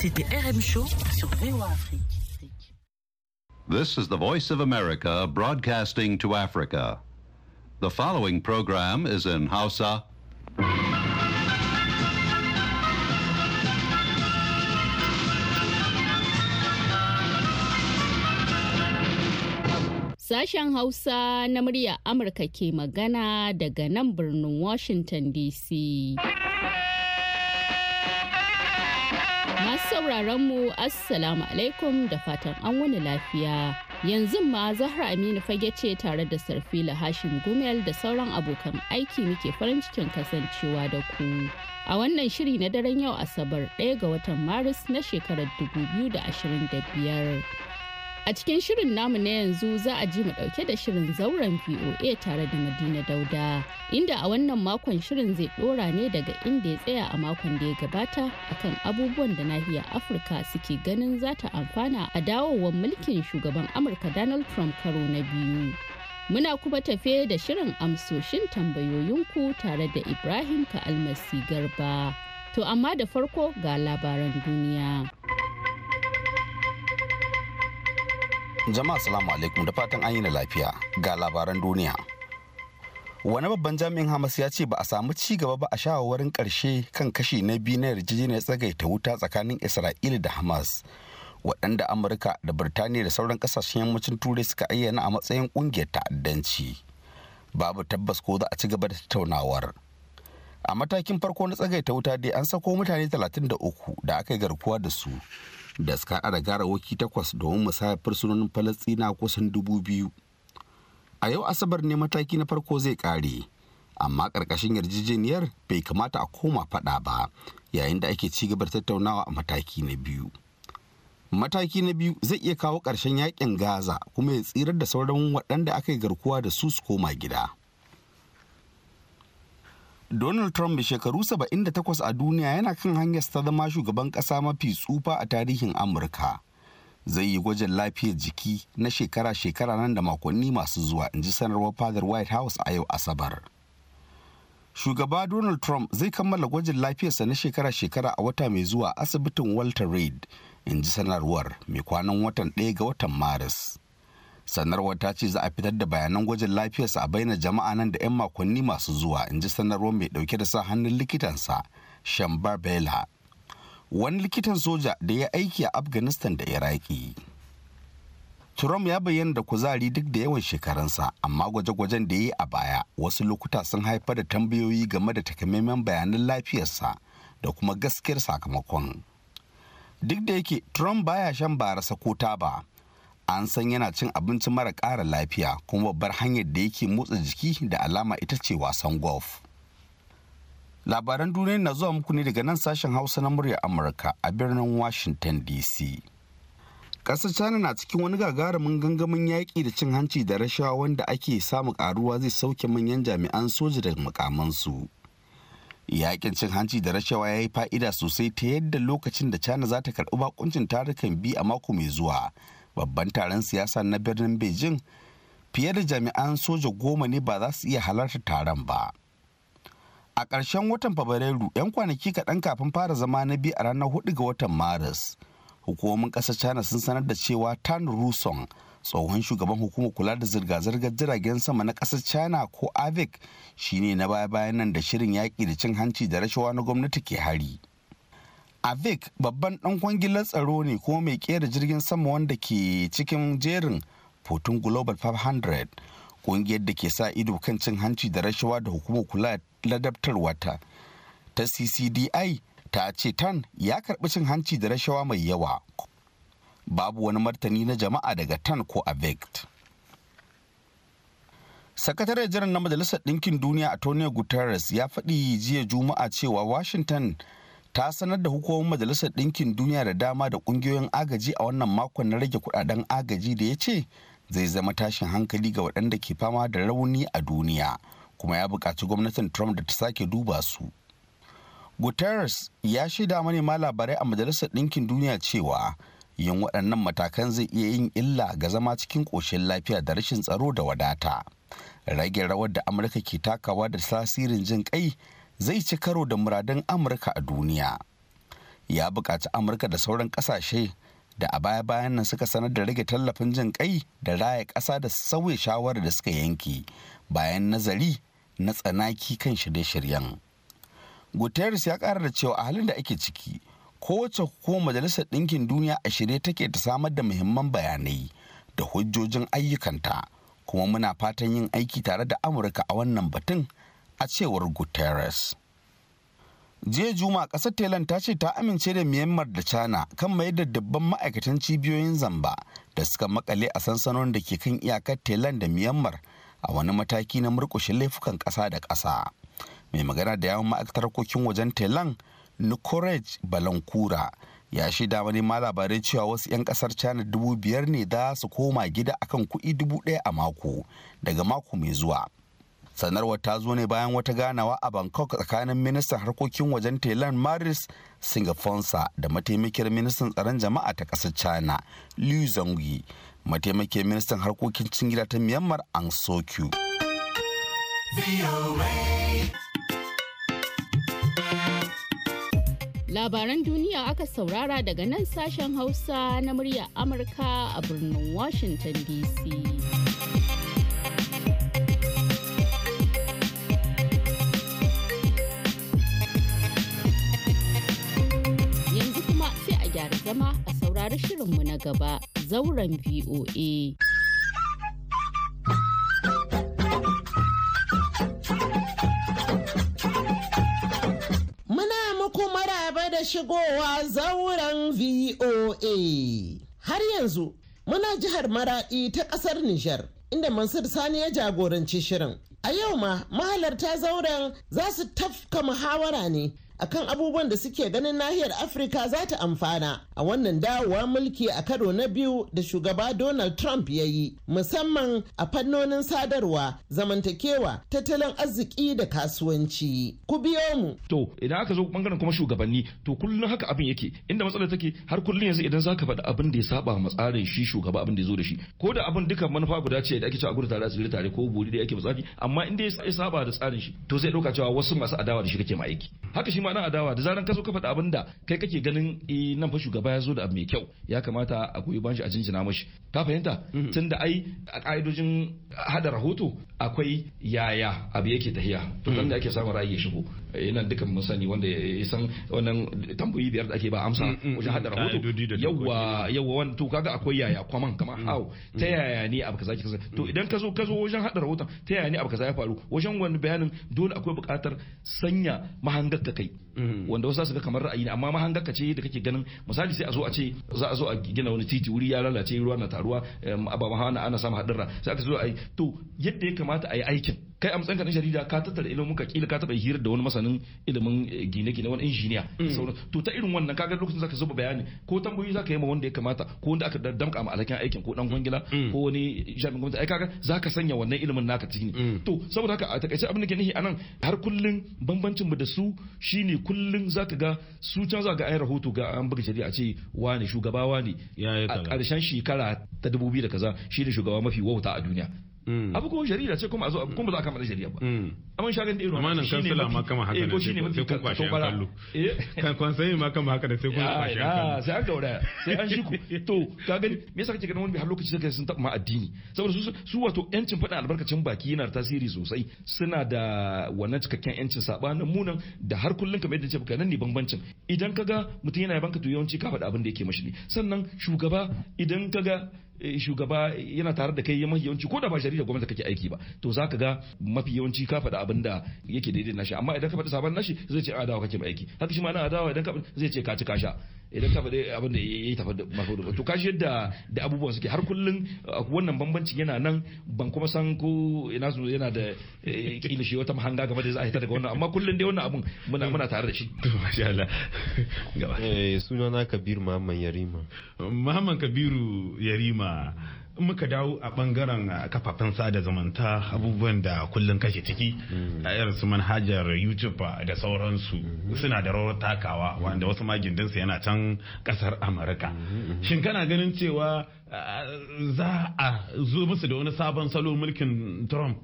C'était RM Show sur VOA Afrique. This is the Voice of America broadcasting to Africa. The following program is in Hausa. Sashen Hausa na murya Amurka ke magana daga nan birnin Washington DC. sauraron mu assalamu alaikum da fatan an wani lafiya. Yanzu ma Zahra Aminu fage ce tare da Sarfila Hashim Gumel da sauran abokan aiki muke farin cikin kasancewa da ku. A wannan shiri na daren yau Asabar ɗaya ga watan Maris na shekarar 2025. A cikin shirin namu na yanzu za a ji mu ɗauke da shirin zauren VOA tare da Madina Dauda, inda a wannan makon shirin zai ɗora ne daga inda ya tsaya a makon da ya gabata akan abubuwan da nahiyar Afirka suke ganin za ta amfana a dawowar mulkin shugaban Amurka Donald Trump karo na biyu. Muna kuma tafe da shirin amsoshin tambayoyinku tare da Ibrahim ka Almasi Garba. To amma da farko ga labaran duniya. Jama'a salamu alaikum da fatan an yi na lafiya ga labaran duniya. Wani babban jami'in Hamas ya ce ba a samu ci gaba ba a shawarwarin karshe kan kashi na biyu na yarjejeniyar tsagaita wuta tsakanin Isra'ila da Hamas. Waɗanda Amurka da Birtaniya da sauran ƙasashen yammacin Turai suka ayyana a matsayin ƙungiyar ta'addanci. Babu tabbas ko za a ci gaba da tattaunawar. A matakin farko na tsagaita wuta dai an sako mutane 33 da aka yi garkuwa da su da suka ara garawaki takwas domin musayar fursunonin falastina kusan dubu biyu a yau asabar ne mataki na farko zai kare amma ƙarƙashin yarjejeniyar bai kamata a koma faɗa ba yayin da ake ci gaba da tattaunawa a mataki na biyu mataki na biyu zai iya kawo ƙarshen yakin gaza kuma ya tsirar da sauran waɗanda aka yi garkuwa da su su koma gida Donald Trump mai shekaru 78 a duniya yana kan hanyar ta zama shugaban ƙasa mafi tsufa a tarihin Amurka. Zai yi gwajin lafiyar jiki na shekara-shekara nan da makonni masu zuwa, in ji sanarwar fadar White House a yau Asabar. Shugaba Donald Trump zai kammala gwajin lafiyarsa na shekara-shekara a wata mai zuwa asibitin Walter Reed, in ji sanarwar mai kwanan watan ɗaya ga watan Maris. sanarwar ta ce za a fitar da bayanan gwajin lafiyarsa a bainar jama'a nan da 'yan makonni masu zuwa in ji sanarwar mai dauke da sa hannun likitansa shambar bela wani likitan soja da ya aiki a afghanistan da iraki trump ya bayyana da kuzari duk da yawan shekarunsa amma gwaje-gwajen da ya yi a baya wasu lokuta sun haifar da tambayoyi game da takamaiman bayanan lafiyarsa da kuma gaskiyar sakamakon duk da yake trump baya shan barasa ko taba an san yana cin abinci mara ƙara lafiya kuma babbar hanyar da yake motsa jiki da alama ita ce wasan golf labaran duniya na zuwa muku ne daga nan sashen hausa na murya amurka a birnin washington dc ƙasar china na cikin wani gagarumin gangamin yaƙi da cin hanci da rashawa wanda ake samu ƙaruwa zai sauke manyan jami'an soja da mukamansu Yaƙin cin hanci da rashawa ya yi fa'ida sosai ta yadda lokacin da china za ta karɓi bakuncin tarukan bi a mako mai zuwa babban taron siyasa na birnin beijing fiye da jami'an soja goma ne ba za su iya halarta taron ba a ƙarshen watan fabrairu 'yan kwanaki kaɗan kafin fara zama na biyu a ranar hudu ga watan maris hukumomin ƙasar china sun sanar da cewa tan rusong tsohon shugaban hukumar kula da zirga-zirgar jiragen sama na ƙasar china ko avic shine na baya-bayan nan da shirin yaƙi da cin hanci da rashawa na gwamnati ke hari. avic babban dan kwangilar tsaro ne kuma mai kera jirgin sama wanda ke cikin jerin hoton global 500 kungiyar da ke sa ido kan cin hanci da rashawa da hukumar kula ladabtarwa ta ta ccdi ta ce tan ya karbi cin hanci da rashawa mai yawa babu wani martani na jama'a daga tan ko avect sakataren jiran na majalisar ɗinkin duniya a guterres ya faɗi jiya juma'a cewa washington ta sanar da hukumar majalisar ɗinkin duniya da dama da ƙungiyoyin agaji a wannan makon na rage kudaden agaji da ya ce zai zama tashin hankali ga waɗanda ke fama da rauni a duniya kuma ya buƙaci gwamnatin trump da ta sake duba su guterres ya shaida ma labarai a majalisar ɗinkin duniya cewa yin waɗannan matakan zai iya yin illa ga zama cikin ƙoshin lafiya da rashin tsaro da wadata rage rawar da amurka ke takawa da tasirin jin kai zai ci karo da muradun amurka a duniya ya buƙaci amurka da sauran ƙasashe da a baya bayan nan suka sanar da rage tallafin jin kai da raya ƙasa da sauya shawarar da suka yanke bayan nazari na tsanaki kan shirye-shiryen guterres ya ƙara da cewa a halin da ake ciki kowace hukumar majalisar ɗinkin duniya a shirye take ta samar da muhimman bayanai da hujjojin ayyukanta kuma muna fatan yin aiki tare da amurka a wannan batun a cewar guterres jiya juma kasar thailand ta ce ta amince da myanmar da china kan mai da dabban ma'aikatan cibiyoyin zamba da suka makale a sansanonin da ke kan iyakar thailand da myanmar a wani mataki na murkushe laifukan ƙasa da ƙasa mai magana da yawon ma'aikatar harkokin wajen thailand nukorej balankura ya shaida wani ma labarai cewa wasu 'yan kasar china dubu biyar ne za su koma gida akan kuɗi dubu ɗaya a mako daga mako mai zuwa sanarwar ta zo ne bayan wata ganawa a bangkok tsakanin ministan harkokin wajen thailand maris singaponsa da mataimakiyar ministan tsaron jama'a ta ƙasar china liu zhongyi mataimakiyar ministan harkokin cin gida ta myanmar ang sokyu labaran duniya aka saurara daga nan sashen hausa na murya amurka a birnin washington dc zama a saurari shirinmu na gaba zauren VOA. da shigowa zauren VOA. Har yanzu muna jihar Maraɗi ta ƙasar Nijar, inda Mansur Sani ya jagoranci shirin. A yau ma mahalarta zauren za su tafka muhawara ne akan abubuwan da suke ganin nahiyar afirka za ta amfana a wannan dawowa mulki a karo na biyu da shugaba donald trump ya yi musamman a fannonin sadarwa zamantakewa tattalin arziki da kasuwanci ku biyo mu to idan aka zo bangaren kuma shugabanni to kullum haka abin yake inda matsalar take har kullum yanzu idan zaka faɗi abin da ya saba ma tsarin shi shugaba abin da ya zo da shi ko da abin duka manufa guda ce da ake cewa gudu tare a tsiri tare ko buri da yake matsafi amma inda ya saba da tsarin shi to zai ɗauka cewa wasu masu adawa da shi kake ma aiki haka shi ma na adawa da zaran ka ka faɗa abin da kai kake ganin e nan fa shugaba ya zo da abu mai kyau ya kamata a goyi bashi a jinjina mashi ka fahimta mm-hmm. tunda ai a ka'idojin hada rahoto akwai yaya abu yake tahiya to dan mm-hmm. da ake samun ra'ayi ya shigo yana eh, dukan mun sani wanda ya san wannan tambayi biyar da ake ba amsa mm, mm, mm. wajen hada rahoto yawa yawa wani to kaga akwai yaya kwaman kamar how ta yaya ne abu kaza kaza to idan ka zo ka zo wajen hada rahoton ta yaya ne abu kaza ya faru wajen wani bayanin dole akwai buƙatar sanya mahangar ta kai Mm. wanda wasu za su ga kamar ra'ayi ne amma mahanga ka ce da kake ganin misali sai a zo a ce za a zo a gina wani titi wuri ya lalace ruwa na taruwa ababen hawa ana samun haɗurra sai aka zo a yi to yadda ya kamata a yi aikin kai a matsayin jarida ka tattara ilimin ka kila ka taba hirar da wani masanin ilimin eh, gine-gine wani injiniya mm. to ta irin wannan kaga lokacin zaka zuba bayani ko tambayoyi zaka yi ma wanda ya kamata ko wanda aka damka ma alhakin aikin ko dan gwangila mm. ko wani jami'in gwamnati ai kaga zaka sanya wannan ilimin naka cikin to saboda haka a takaice abin da ke nihi anan har kullun bambancin mu da su shine kullun zaka ga su can zaka ga ai rahoto ga an buga shari'a ce wani shugaba wani a ƙarshen shekara ta 2000 da kaza shine shugaba mafi wauta a duniya Mm. abu ko shari'a ce kuma a zo kuma za a kama da shari'a ba amma shagan da irin amma nan kansila ma kama haka eh, ne sai kun kwashe an kallo kan sai ma kama haka ne sai kun kwashe an kallo sai an gaura sai an shi ku to ka gani me yasa kake ganin wani har lokaci sai sun taba ma addini saboda su su wato yancin fada albarkacin baki yana da tasiri sosai suna da wannan cikakken yancin sabanin munan da har kullun kamar yadda ce baka nan ne bambancin idan kaga mutum yana yabanka to yawanci ka faɗa abin da yake mashi ne sannan shugaba idan kaga Eh, shugaba yana tare da kai mafi yawanci ko da ba shari'a gwamnati kake aiki ba to za ka ga mafi yawanci ka faɗa abin da yake daidai nashi amma idan ka faɗi sabon nashi zai ce ah, adawa kake mai aiki haka shi ma na adawa idan ka zai ce ka ci ka sha idan ka faɗi abin da ya yi tafa da mafi to kashi yadda da abubuwan suke har kullum uh, wannan bambancin yana nan ban kuma san ko ina su yana da eh, kila shi wata mahanga game da za a hita daga wannan amma kullum dai wannan abun muna muna tare da shi masha Allah eh, sunana Muhammad Yarima Muhammad Kabiru Yarima muka dawo a bangaren kafafen sada zumunta abubuwan da kullum kashe ciki a su manhajar youtube da sauransu suna da rawar takawa wanda wasu magindinsu yana can kasar amurka shin kana ganin cewa za a zo musu da wani sabon salo mulkin trump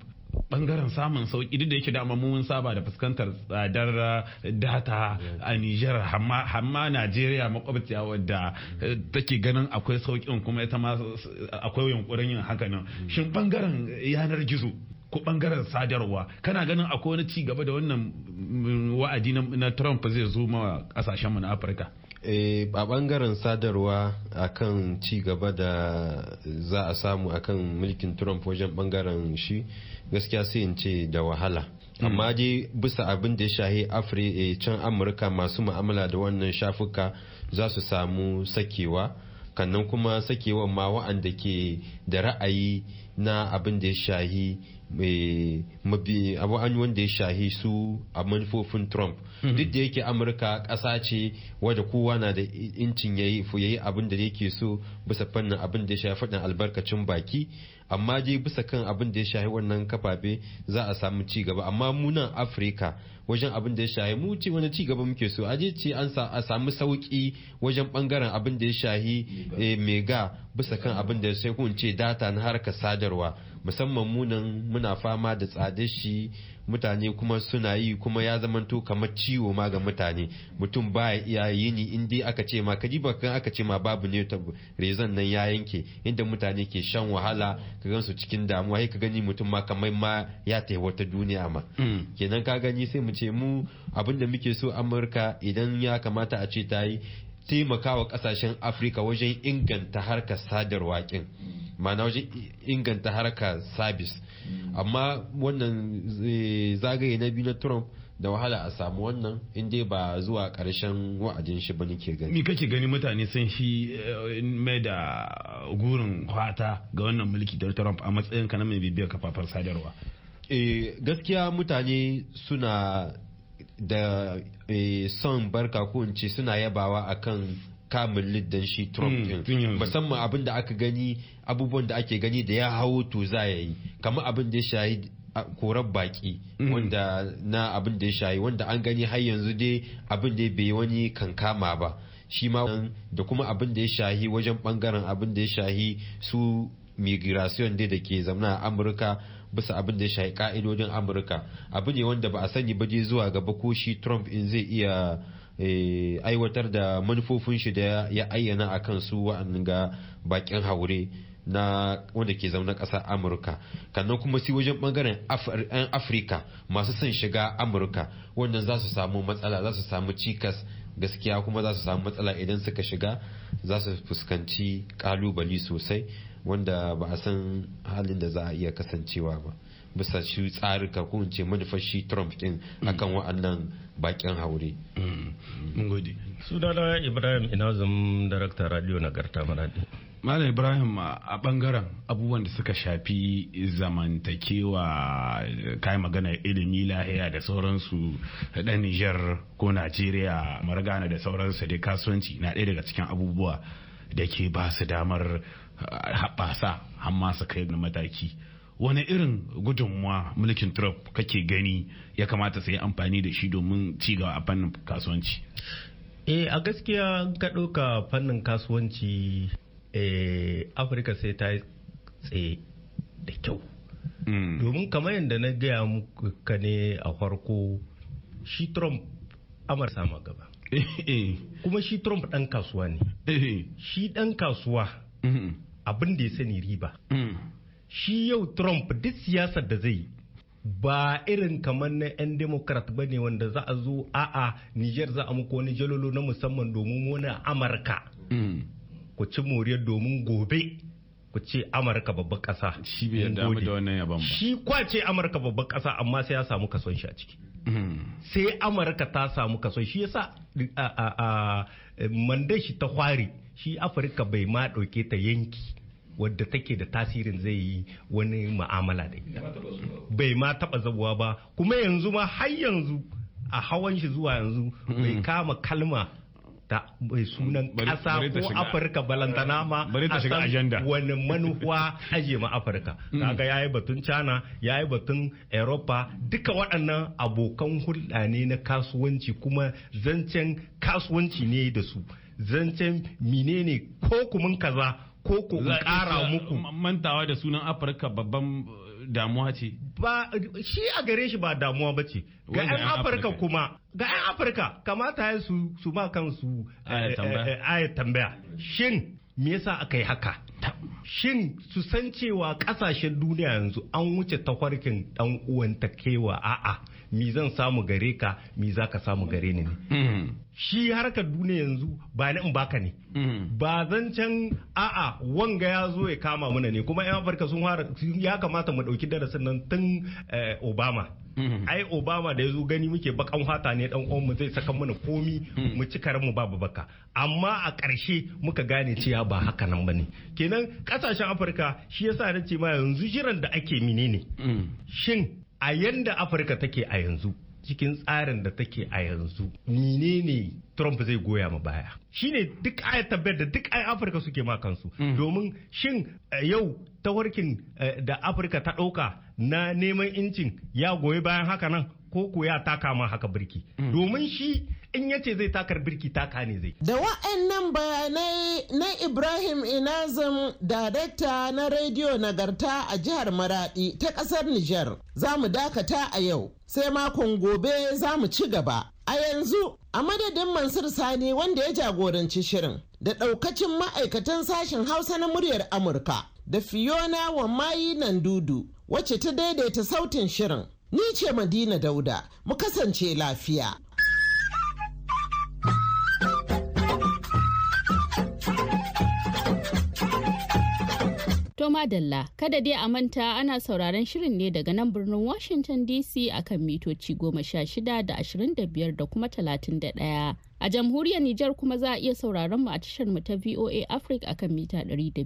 bangaren samun sauki duk da yake dama mun saba da fuskantar tsadar eh, data a Nijar Hama Najeriya makwabciya wadda eh, take ganin akwai saukin kuma ita ma eh, akwai yunkurin yin haka nan shin bangaren yanar gizo ko bangaren sadarwa kana ganin akwai wani ci gaba da wannan mm, wa'adi na Trump zai zo ma kasashen mu na Afirka Eh, a bangaren sadarwa akan ci gaba da za a samu akan mulkin trump wajen bangaren shi gaskiya sai in ce da wahala hmm. amma dai bisa abin da ya shahi afri eh, can amurka masu ma'amala da wannan shafuka za su samu sakewa kannan kuma sakewa ma wa'anda ke da ra'ayi na abin da ya shahi mabi abu wanda ya shahi su a manufofin trump mhm. duk da yake amurka ƙasa ce wadda kowa na da incin yayi yi abin da yake so bisa fannin abin da ya shafi faɗin albarkacin baki amma dai bisa kan abin da ya shahi wannan kafafe za a samu ci gaba amma mu nan afirka wajen abin da ya shahi mu ci wani ci gaba muke so aje ce an a samu sauki wajen bangaren abin da ya shahi eh, mega bisa kan abin da ya sai kun ce data na harkar sadarwa musamman munan muna fama da tsada shi mutane kuma suna yi kuma ya zamanto kamar ciwo ma ga mutane mutum ba ya yini in dai aka ce ma kaji bakan aka ce ma babu ne rezon nan ya yanke inda mutane ke shan wahala ka gan cikin damuwa sai ka gani mutum ma kamar ma ya ta wata duniya ma mm. kenan ka gani sai mu ce mu abin da muke so amurka idan ya kamata a ce ta yi taimakawa kasashen afirka wajen inganta harkar sadarwa kin ma'ana wajen inganta harka sabis mm. amma wannan zagaye na biyu na trump da wahala a samu wannan inda ba zuwa karshen wa'adin shi ba ke gani. Me kake gani mutane sun shi eh, mai da gurin kwata ga wannan mulki da Trump a matsayin ka na mai bibiyar kafafen sadarwa? Eh, gaskiya mutane suna da eh, son barka ko suna yabawa akan kamun liddan shi Trump hmm, din musamman abin da aka gani abubuwan da ake gani da ya hawo to za ya yi kamar abin da ya shayi korar baki hmm. wanda na abin da ya shayi wanda an gani har yanzu dai abin da ya bai wani kankama ba shi ma da kuma abin da ya shahi wajen bangaren abin da ya shahi su migration dai da ke zamana a amurka bisa abin da ya shahi ka'idodin amurka abu ne wanda ba a sani ba dai zuwa gaba ko shi trump in zai iya Eh, aiwatar da manufofin shi da ya ayyana a kan su wa'annan ga bakin haure na wanda ke zaune ƙasar amurka kannan kuma si wajen bangaren 'yan afirka masu son shiga amurka wannan za su samu matsala za su samu cikas gaskiya kuma za su samu matsala idan suka shiga za su fuskanci kalubali sosai wanda ba a san halin da za a iya kasancewa ba. bisa shi tsarika ko in ce manufashi shi trump din mm. akan wa'annan bakin haure mm. Mm. mun gode sunana ibrahim inazum darakta radio nagarta maradi Malam Ibrahim a bangaren abubuwan da suka shafi zamantakewa kai magana ilimi lahiya da sauransu dan Niger ko Najeriya margana da sauransu da kasuwanci na ɗaya daga cikin abubuwa da ke ba su damar haɓasa amma su kai na mataki. wani irin gudunmuwa mulkin trump kake gani ya kamata su yi amfani da shi domin cigaba a fannin kasuwanci e a gaskiya ka ɗauka fannin kasuwanci e afirka sai ta tsaye da kyau mm. domin kamar yadda na gaya muka ne a farko shi trump amar sama gaba eh, kuma shi trump ɗan kasuwa ne shi ɗan kasuwa mm-hmm. abin da ya sani riba mm. shi yau trump duk siyasar da zai ba irin kamar na 'yan democrat ba ne wanda za a zo a'a niger za a muku wani jalolo na musamman domin wani amurka mm. ku ci moriya domin gobe ku ce amurka babban kasa shi bai damu da wannan yaban ba shi kwace amurka babban kasa amma sai ya samu kason shi a ciki mm. sai amurka ta samu kason shi yasa a mandashi ta kwari shi afirka bai ma dauke ta yanki wadda take da tasirin zai yi wani ma'amala da ita bai ma taba zabuwa ba kuma yanzu ma har yanzu a hawan shi zuwa yanzu bai hmm. kama kalma ta bai sunan kasa ko afirka balantana ma a san wani manuwa aje ma afirka hmm. kaga yayi batun china yayi batun europa duka waɗannan abokan hulɗa ne na kasuwanci kuma zancen kasuwanci ne da su zancen menene ko kuma kaza ko ko ƙara muku mantawa da sunan afirka babban eh, damuwa ce ba shi a gare shi ba damuwa ba ce ga 'yan afirka kuma ga 'yan afirka kamata ya su su ma kansu aya eh, eh, tambaya shin me yasa aka yi haka shin su san cewa kasashen duniya yanzu an wuce tafarkin dan uwan ta kewa a'a mi zan samu gare ka mi za ka samu gare ni ne hmm. shi harkar duniya yanzu ba na in baka ne hmm. ba zan can a'a wanga ya zo ya kama mana ne kuma yan afirka sun ya kamata mu dauki darasin nan tun eh, obama Mm-hmm. ai obama da ya zo gani muke bakan hata ne dan uwan mu zai saka mana komi mm-hmm. mu ci karen mu babu baka amma a ƙarshe muka gane cewa ba haka nan bane kenan kasashen afirka shi yasa na ce ma yanzu jiran da ake menene mm. shin a yanda afirka take a yanzu cikin tsarin da take a yanzu menene Trump zai goya ma baya shine duk ayat tabbatar da duk ai Afirka suke ma kansu mm. domin shin eh, yau tawarkin eh, da Afirka ta ɗauka na neman incin ya goyi bayan haka nan ko ko ya taka ma haka birki mm. domin shi in yace zai takar birki taka ne zai da wa'annan bayanai na Ibrahim Inazam darakta na rediyo nagarta a jihar Maradi ta kasar Nijar za mu dakata a yau sai makon gobe za mu ci gaba a yanzu a madadin Mansur Sani wanda ya jagoranci shirin da ɗaukacin ma'aikatan sashen Hausa na muryar Amurka da Fiona Wamayi Nandudu wacce ta daidaita sautin shirin. Ni ce Madina Dauda, mu kasance lafiya. To Madalla, kada dai a manta ana sauraron shirin ne daga nan birnin Washington DC akan mitoci goma sha shida da ashirin da biyar da kuma talatin da ɗaya. A jamhuriyar Nijar kuma za a iya sauraron mu a tashar mu ta VOA Africa akan mita ɗari da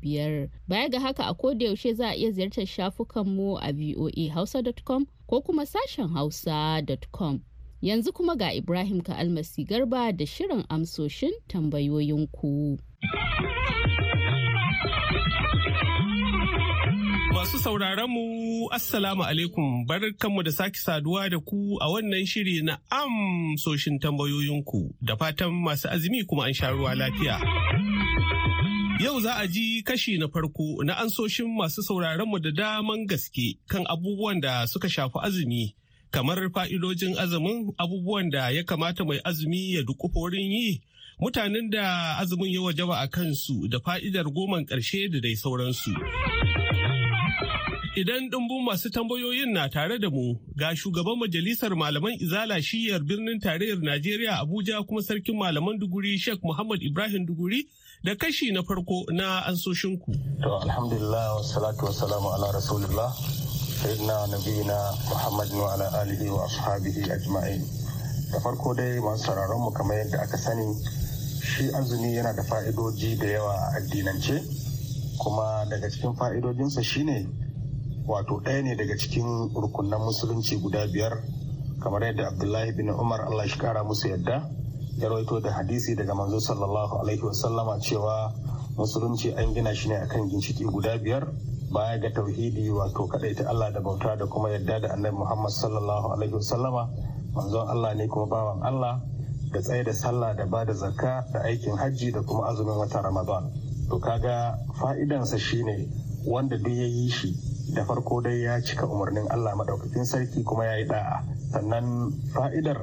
biyar Baya ga haka a koda yaushe za a iya ziyartar shafukan mu a voahausa.com ko kuma sashen hausa.com. Yanzu kuma ga Ibrahim ka almasi Garba da shirin amsoshin tambayoyinku. Masu mu Assalamu alaikum, mu da sake saduwa da ku a wannan shiri na amsoshin tambayoyinku da fatan masu azumi kuma an sha ruwa lafiya. Yau za a ji kashi na farko na ansoshin masu sauraronmu da daman gaske kan abubuwan da suka shafi azumi, kamar fa'idojin azumin abubuwan da ya kamata mai azumi ya wurin yi, mutanen da azumin ya wajaba a kansu da fa'idar goman ƙarshe da dai sauransu. Idan ɗumbun masu tambayoyin na tare da mu ga shugaban majalisar malaman izala shiyar birnin tarayyar Najeriya Abuja kuma sarkin malaman duguri Sheikh Muhammad Ibrahim duguri da kashi na farko na ansoshinku. To alhamdulillah wa salamu ala rasulillah sayyidina nabiyina Muhammadin wa ala alihi wa ashabihi ajma'in. Da farko dai masu sauraron mu kamar yadda aka sani shi azumi yana da fa'idoji da yawa a addinance kuma daga cikin fa'idojinsa shine wato ɗaya ne daga cikin rukunan musulunci guda biyar kamar yadda abdullahi bin umar allah shi kara musu yadda ya rawaito da hadisi daga manzo sallallahu alaihi wasallama cewa musulunci an gina shi ne akan ginshiki guda biyar baya ga tauhidi wato ta Allah da bauta da kuma yadda da annabi Muhammad sallallahu alaihi wasallama manzon Allah ne kuma bawan Allah da tsaye da sallah da ba da zakka da aikin hajji da kuma azumin wata Ramadan to kaga fa'idansa shine wanda duk ya yi shi da farko dai ya cika umarnin Allah maɗaukakin sarki kuma ya yi da'a sannan fa'idar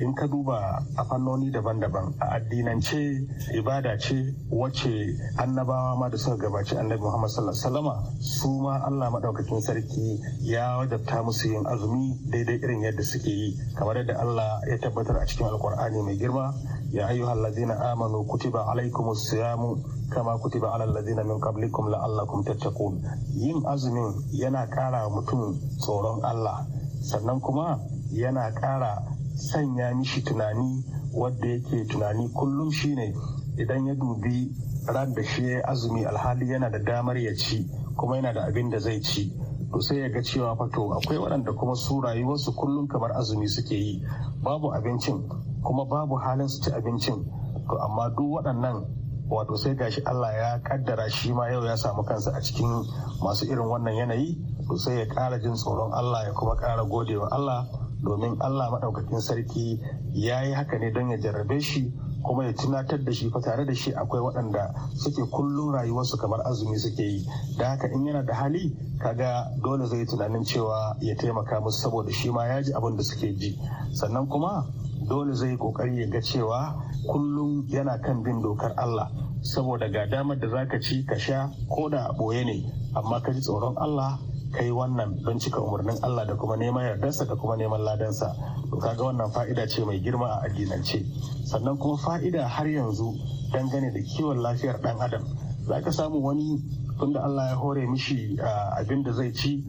in ka duba a fannoni daban-daban a addinance ibada ce wacce annabawa ma da suka gabaci annabi muhammad sallallahu alaihi wasallama su ma allah maɗaukakin sarki ya wajabta musu yin azumi daidai irin yadda suke yi kamar yadda allah ya tabbatar a cikin alkur'ani mai girma ya ayyuhal ladzina amanu kutiba alaikumus siyamu kama kutiba alal ladzina min qablikum la'allakum tattaqun yin azumin yana ƙara mutum tsoron allah sannan kuma yana kara. sanya mishi tunani wadda yake tunani kullum shine idan ya dubi ran da shi azumi alhali yana da damar ya ci kuma yana da abin da zai ci to sai ya ga cewa fato akwai waɗanda kuma su rayuwarsu kullum kamar azumi suke yi babu abincin kuma babu halin su ci abincin to amma duk waɗannan wato sai gashi Allah ya kaddara shi ma yau ya samu kansa a cikin masu irin wannan yanayi to sai ya kara jin tsoron Allah ya kuma kara godewa Allah domin allah maɗaukakin sarki ya yi haka ne don ya jarrabe shi kuma ya tunatar da shi fa tare da shi akwai waɗanda suke kullum rayuwarsu kamar azumi suke yi da haka in yana da hali kaga dole zai tunanin cewa ya taimaka musu saboda shi ma ya ji abin da suke ji sannan kuma dole zai kokari ya ga cewa kullum yana kan bin dokar Allah saboda ga damar da zaka ci ka sha ko da boye ne amma ka ji tsoron Allah kai wannan don cika umarnin Allah da kuma neman yardarsa da kuma neman ladansa to kaga wannan fa'ida ce mai girma a addinance sannan kuma fa'ida har yanzu dangane da kiwon lafiyar dan adam za ka samu wani tunda Allah ya hore mishi abin da zai ci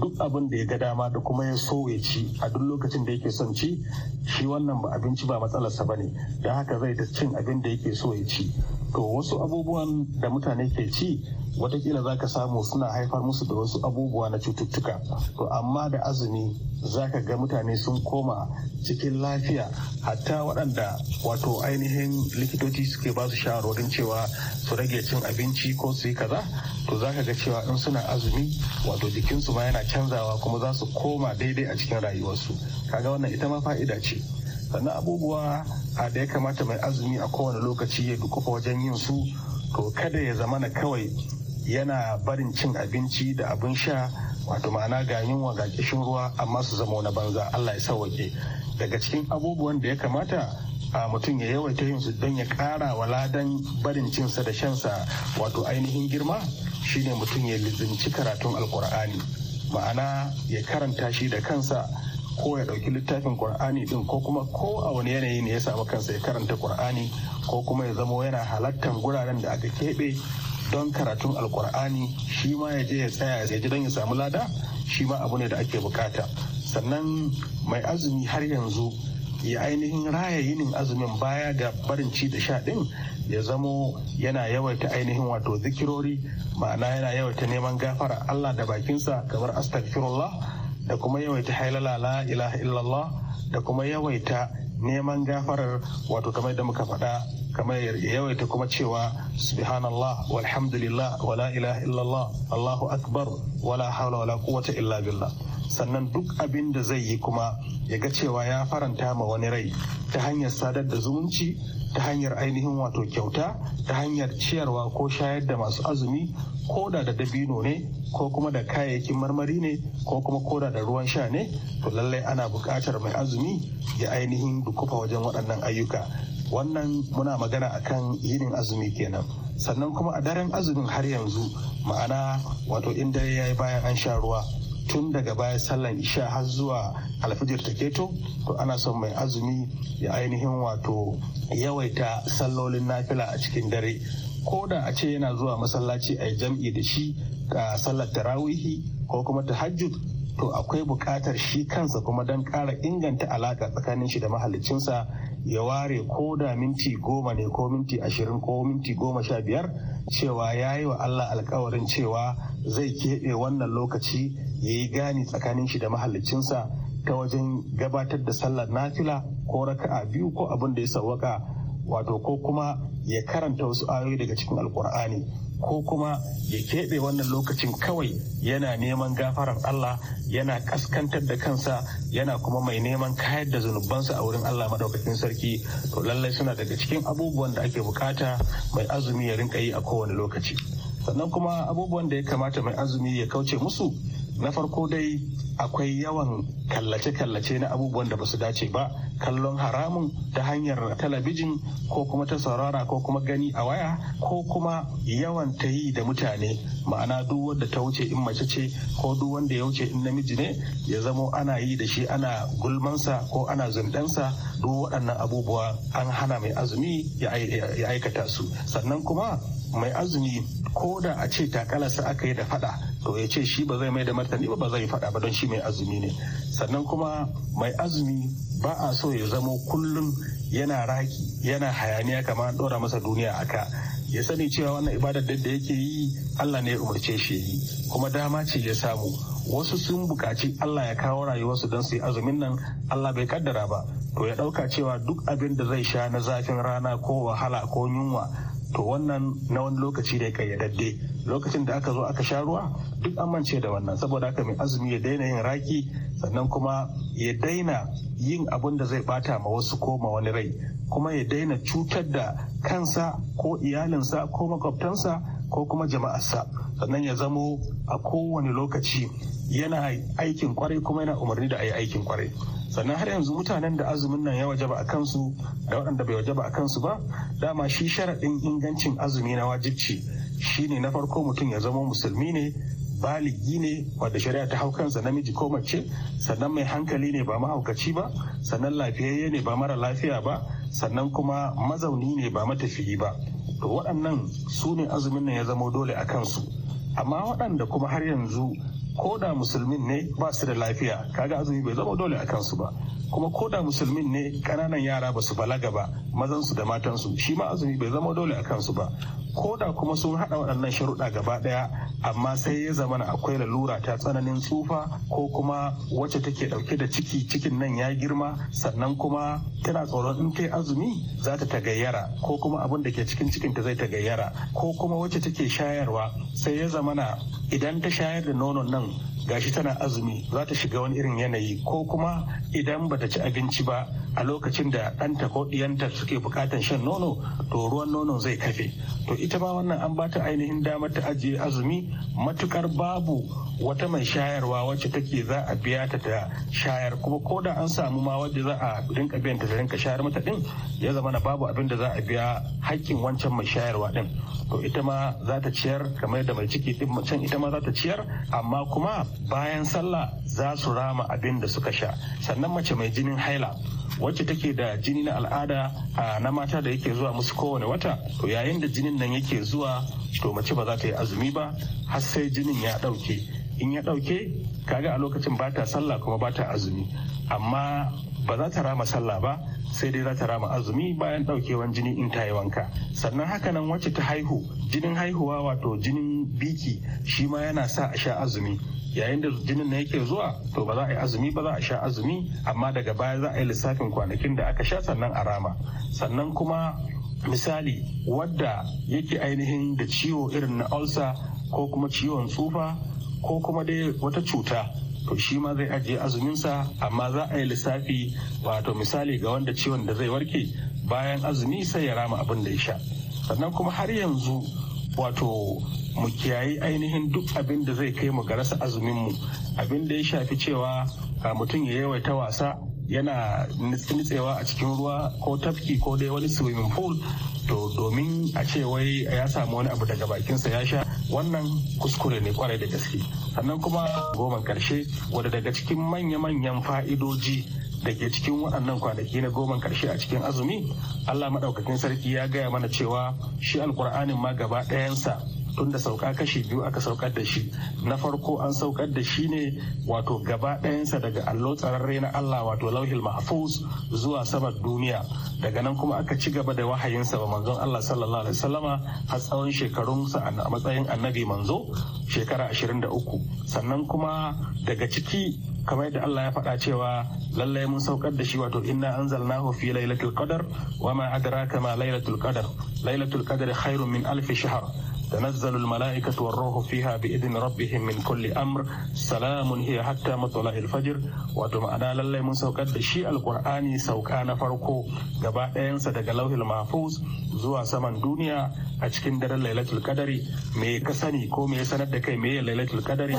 duk abin da ya ga dama da kuma ya so ya ci a duk lokacin da yake son ci shi wannan ba abinci ba matsalarsa ba ne da haka zai ta cin abin da yake so ya ci to wasu abubuwan da mutane ke ci watakila za ka samu suna haifar musu da wasu abubuwa na cututtuka to amma da azumi za ka ga mutane sun koma cikin lafiya hatta waɗanda wato ainihin likitoci suke ba su shawarwarin cewa su rage cin abinci ko su yi kaza to za ka ga cewa in suna azumi wato jikinsu ma yana canzawa kuma za su koma daidai a cikin rayuwarsu kaga wannan ita ma fa'ida ce sannan abubuwa a da ya kamata mai azumi a kowane lokaci ya dukufa wajen yin su to kada ya zama na kawai yana barin cin abinci da abin sha wato ma'ana ga yunwa ga kishin ruwa amma su zama wani banza Allah ya sauwake daga cikin abubuwan da ya kamata a mutum ya yawaita yin su don ya kara wa ladan barin cinsa da shansa wato ainihin girma shine mutum ya lizinci karatun alkur'ani ma'ana ya karanta shi da kansa ko ya ɗauki littafin Qur'ani ɗin ko kuma ko a wani yanayi ne ya samu kansa ya karanta Qur'ani ko kuma ya zamo yana halartar guraren da aka keɓe don karatun alkur'ani shi ma ya je ya tsaya ya ji don ya samu lada shi ma abu ne da ake bukata sannan mai azumi har yanzu ya ainihin raya yinin azumin baya ga barin ci da sha ɗin ya zamo yana yawaita ainihin wato zikirori ma'ana yana yawaita neman gafara Allah da bakinsa kamar astagfirullah da kuma yawaita hailala la ilaha illallah da kuma yawaita neman gafarar wato kamar da muka faɗa kamar yawaita kuma cewa subhanallah walhamdulillah wala ilaha illallah allahu akbar wala hawla wala quwwata illa billah sannan duk abin da zai yi kuma ya ga cewa ya faranta ma wani rai ta hanyar sadar da zumunci ta hanyar ainihin wato kyauta ta hanyar ciyarwa ko shayar da masu azumi ko da da dabino ne ko kuma da kayayyakin marmari ne ko kuma koda da ruwan sha ne to lallai ana buƙatar mai azumi ya ainihin dukufa wajen waɗannan ayyuka wannan muna magana akan yinin azumi kenan sannan kuma a daren azumin har yanzu ma'ana wato inda ya yi bayan an sha ruwa tun daga baya sallan isha har zuwa alfijir ta keto to ana son mai azumi ya ainihin wato yawaita sallolin nafila a cikin dare ko da a ce yana zuwa masallaci a jam'i da shi ga sallar tarawihi ko kuma tahajjud to akwai bukatar shi kansa kuma don kara inganta alaƙa tsakanin shi da mahalicinsa ya ware ko da minti goma ne ko minti ashirin ko minti goma sha biyar cewa ya yi wa Allah alkawarin cewa zai keɓe wannan lokaci ya yi gani tsakanin shi da mahallicinsa ta wajen gabatar da sallar nafila ko raka'a biyu ko abin da ya sawwaka wato ko kuma ya karanta wasu ayoyi daga cikin alkur'ani ko kuma ya keɓe wannan lokacin kawai yana neman gafarar Allah yana kaskantar da kansa yana kuma mai neman kayar da zunubansa a wurin Allah madaukakin sarki to lallai suna daga cikin abubuwan da ake bukata mai azumi ya rinka yi a kowane lokaci sannan kuma abubuwan da ya kamata mai azumi ya kauce musu na farko dai akwai yawan kallace-kallace na abubuwan da ba su dace ba kallon haramun ta hanyar talabijin ko kuma ta saurara ko kuma gani a waya ko kuma yawan ta yi da mutane ma'ana duk wanda ta wuce in mace ce ko duk wanda ya wuce in namiji ne ya zamo ana yi da shi ana gulmansa ko ana zundansa duk waɗannan abubuwa an hana mai azumi ya aikata su sannan kuma mai azumi ko da a ce takalarsa aka yi da fada to ya ce shi ba zai mai da martani ba ba zai fada ba don shi mai azumi ne sannan kuma mai azumi ba a so ya zamo kullum yana raki yana hayaniya kamar an dora masa duniya aka ya sani cewa wannan ibadar da yake yi Allah ne ya umarce shi yi kuma dama ce ya samu wasu sun buƙaci Allah ya kawo rayuwarsu don su yi azumin nan Allah bai kaddara ba to ya ɗauka cewa duk abin da zai sha na zafin rana ko wahala ko yunwa to wannan na wani lokaci da ya kayyadadde lokacin da aka zo aka sha ruwa duk amince da wannan saboda aka mai azumi ya daina yin raki sannan kuma ya daina yin abin da zai bata ma wasu ko ma wani rai kuma ya daina cutar da kansa ko iyalinsa ko makwabtansa ko kuma jama'arsa sannan ya zamo a kowane lokaci yana aikin kwarai kuma yana umarni da a yi aikin kwarai sannan har yanzu mutanen da azumin nan ya wajaba a kansu da waɗanda bai wajaba a kansu ba dama shi sharaɗin ingancin azumi na wajibci Shi ne na farko mutum ya zama musulmi ne baligi ne wadda shari'a ta hau kansa namiji ko mace sannan mai hankali ne ba mahaukaci ba sannan lafiyayye ne ba mara lafiya ba sannan kuma mazauni ne ba matafiyi ba to waɗannan su ne azumin nan ya zamo dole a kansu amma waɗanda kuma har yanzu ko da musulmin ne ba su da lafiya kaga azumi bai zama dole a kansu ba kuma ko da musulmin ne kananan yara ba su balaga ba mazansu da matansu shi ma azumi bai zama dole a kansu ba ko da kuma sun hada waɗannan sharuɗa gaba ɗaya amma sai ya zamana akwai lalura ta tsananin tsufa ko kuma wacce take ɗauke da ciki cikin nan ya girma sannan kuma tana tsoron in kai azumi za ta tagayyara ko kuma abin da ke cikin cikin ta zai tagayyara ko kuma wacce take shayarwa sai ya zamana idan ta shayar da nonon nan gashi tana azumi za ta shiga wani irin yanayi ko kuma idan ba ta ci abinci ba a lokacin da ɗanta ko ɗiyanta suke bukatan shan nono to ruwan nono zai kafe to ita ma wannan an ba ta ainihin damar ta ajiye azumi matukar babu wata mai shayarwa wacce take za a biya ta ta shayar kuma ko da an samu ma wadda za a rinka biyan ta rinka shayar mata din ya zama na babu abin da za a biya hakkin wancan mai shayarwa din to ita ma za ta ciyar kamar da mai ciki din can ita ma za ta ciyar amma kuma bayan sallah za su rama abin da suka sha sannan mace mai jinin haila wacce take da jini na al'ada na mata da yake zuwa musu kowane wata to yayin da jinin nan yake zuwa to mace ba za ta yi azumi ba har sai jinin ya ɗauke in ya ɗauke kaga a lokacin ba ta sallah kuma ba ta azumi amma ba za ta rama sallah ba sai dai za ta rama azumi bayan ɗaukewan jini in ta yi wanka sannan haka nan wacce ta haihu jinin haihuwa wato jinin biki shi ma yana sa a sha azumi yayin da jinin na yake zuwa to ba za a yi azumi ba za a sha azumi amma daga baya za a yi lissafin kwanakin da aka sha sannan a rama sannan kuma misali wadda yake ainihin da ciwo irin na ulcer ko kuma ciwon tsufa ko kuma dai wata cuta to shi ma zai ajiye azuminsa amma za a yi lissafi wato misali ga wanda ciwon da zai warke bayan azumi sai ya rama abin da ya sha sannan kuma har yanzu wato mu kiyayi ainihin duk abin da zai kai mu ga rasa mu abin da ya shafi cewa mutum ya yawaita wasa yana nitsewa a cikin ruwa ko tafki ko dai wani swimming pool to domin a ce wai ya samu wani abu daga bakinsa ya sha wannan kuskure ne kwarai da gaske sannan kuma goma karshe wadda daga cikin manya-manyan fa'idoji da ke cikin waɗannan kwanaki na goma karshe a cikin azumi allah maɗaukakin sarki ya gaya mana cewa shi alkur'anin ma gaba ɗayansa tun da sauka kashi biyu aka saukar da shi na farko an saukar da shi ne wato gaba ɗayansa daga allo tsararre na Allah wato lauhil mahfuz zuwa saman duniya daga nan kuma aka ci gaba da wahayinsa ba manzon Allah sallallahu alaihi har tsawon shekarunsa a matsayin annabi manzo shekara 23 sannan kuma daga ciki kamar yadda Allah ya faɗa cewa lallai mun saukar da shi wato inna anzalnahu fi lailatul qadar wa ma adraka ma lailatul qadar lailatul qadar khairun min alfi shahr تنزل الملائكة والروح فيها بإذن ربهم من كل أمر سلام هي حتى مطلع الفجر وتمعنا لله من سوكات شيء القرآن سوكان فرقو gaba ɗayansa daga lauhil mahfuz zuwa saman duniya a cikin daren lailatul kadari me ka sani ko me ya sanar da kai me ya lailatul kadari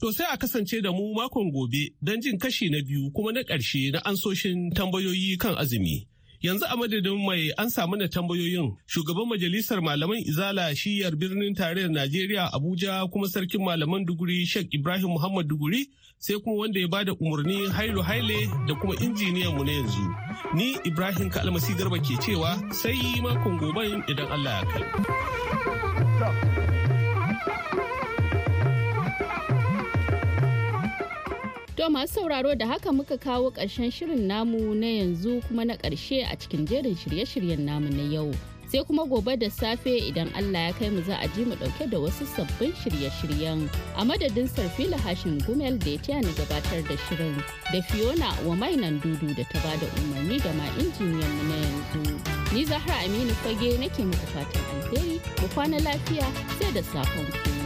To sai a kasance da mu makon gobe don jin kashi na biyu kuma na ƙarshe na ansoshin tambayoyi kan azumi. Yanzu a madadin mai an samu na tambayoyin shugaban majalisar malaman izala shiyar birnin tarayyar Najeriya Abuja kuma sarkin malaman duguri Sheikh Ibrahim Muhammad duguri sai kuma wanda ya ba da umarni Hailu Haile da kuma injiniyan mu na yanzu. Ni Ibrahim Kalmasi Garba ke cewa sai makon gobe idan Allah ya kai. To masu sauraro da haka muka kawo ƙarshen shirin namu na yanzu kuma na ƙarshe a cikin jerin shirye-shiryen namu na yau. Sai kuma gobe da safe idan Allah ya kai mu za a ji mu ɗauke da wasu sabbin shirye-shiryen a madadin sarfila hashin gumel da ya taya ni gabatar da shirin da Fiona wa mainan dudu da ta ba da umarni da ma injiniyan mu na yanzu. Ni Zahra Aminu Fage nake muku fatan alheri, mu kwana lafiya sai da safon ku.